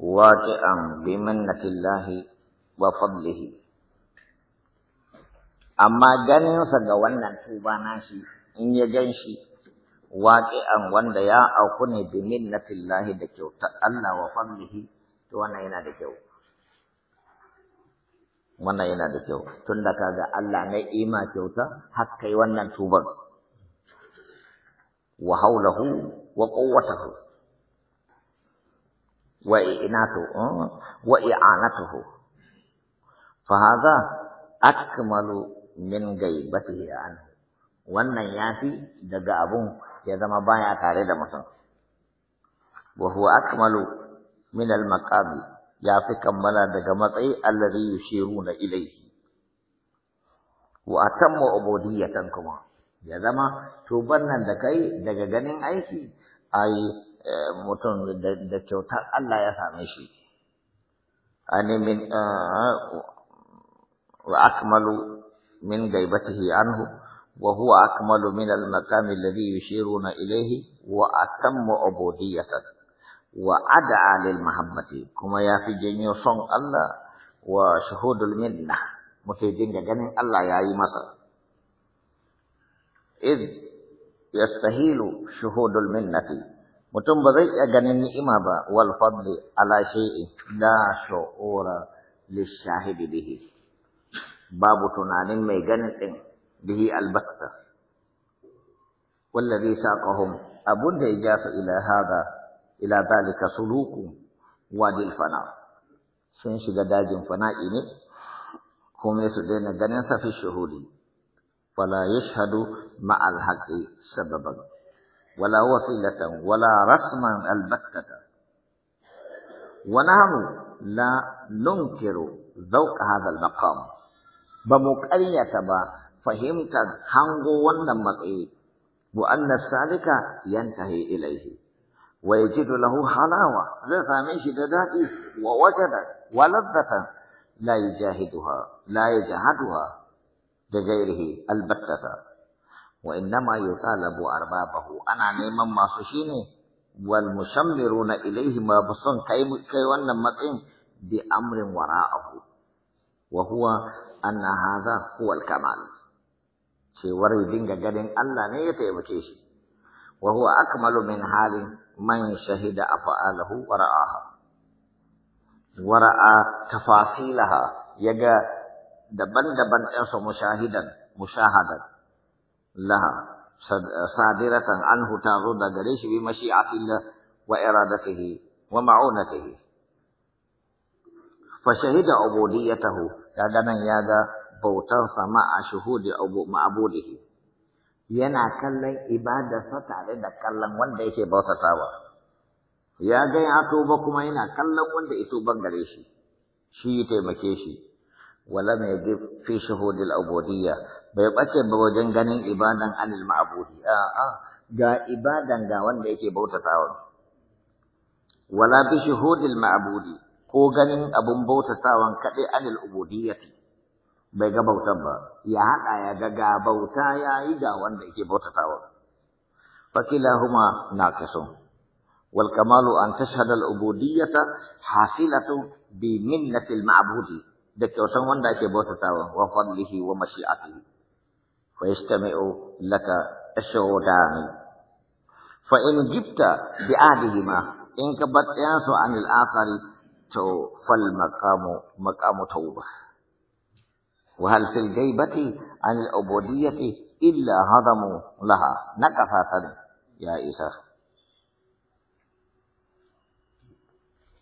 الله bi minnatillahi wa fadlihi amma ganinsa ga wannan tuba nashi in ya ganshi shi waƙi'an wanda ya auku ne bi minnatillahi da kyautar Allah wa fadlihi to wannan yana da kyau wannan yana da kyau tun da kaga Allah na ima kyauta har kai wannan tuban wa haulahu wa quwwatahu wa i'inatuhu hmm, wa i'anatuhu fa hadha akmalu min gaibatihi wannan yafi daga abun ya zama baya tare da mutum wa huwa akmalu min al-maqami fi kammala daga matsayi alladhi yushiruna ilayhi wa atammu ubudiyatan kuma ya zama tuban nan da kai daga ganin aiki ai mutum da kyautar Allah ya same shi ani min wa akmalu min gaibatihi anhu wa huwa akmalu min al-maqami alladhi yushiruna ilayhi wa atammu ubudiyatan wa ad'a lil mahabbati kuma ya fi janyo son Allah wa shuhudul minna mutum dinga ganin Allah ya yi masa إذ يستهيل شهود المنة متم بذي جنن إمابا والفضل على شيء لا شعور للشاهد به باب تنان ميغن به البكتة والذي ساقهم أبو النجاس إلى هذا إلى ذلك سلوك وادي الفناء سنشد داجم فناء إني كومي سدين في الشهودين ولا يشهد مع الحق سببا ولا وسيلة ولا رسما البتة ونحن لا ننكر ذوق هذا المقام بمقرية با فهمت هنغو ونمك وأن السالك ينتهي إليه ويجد له حلاوة ذات فاميش دداتي ووجد ولذة لا يجاهدها لا يجهدها بغيره البتة وإنما يطالب أربابه أنا نيما ما سشيني والمشمرون إليه ما بصن كي كي بأمر وراءه وهو أن هذا هو الكمال وري دينجا جدين ألا نيتي بكيش وهو أكمل من حال من شهد أفعاله ورآها ورأى تفاصيلها يجا daban-daban ɗansa mushahidan mushahadan laha sadiratan anhu ta da gare shi bi fila wa iradatihi wa ma'unatihi fa shahida ubudiyyatahu kaga nan ya ga bautar sama a shuhudi ma'abudihi yana kallon ibadarsa tare da kallon wanda yake bautatawa ya ga ya tuba kuma yana kallon wanda ya tuban gare shi shi ya taimake shi ولم يجب في شهود العبودية بيبقى بوجن غنين إبادا عن المعبودية آه آه جا إبادا جا وان بيكي بوتا تاون ولا بشهود المعبودي كو غنين أبن بوتا تاون كده عن العبودية بيقى بوتا با يهان آيا جا بوتا يا إيجا وان بيكي بوتا تاون فكلاهما ناقصون والكمال أن تشهد العبودية حاصلة بمنة المعبودي دکه اوسه مون دکه بوته تا و و فضله و مشیعته فاستمعوا لك الشهودان فان جبت بعدهما ان كبت ياسو عن الاخر تو فالمقام مقام توبه وهل في الغيبة عن العبودية إلا هضموا لها نكفة يا إسحاق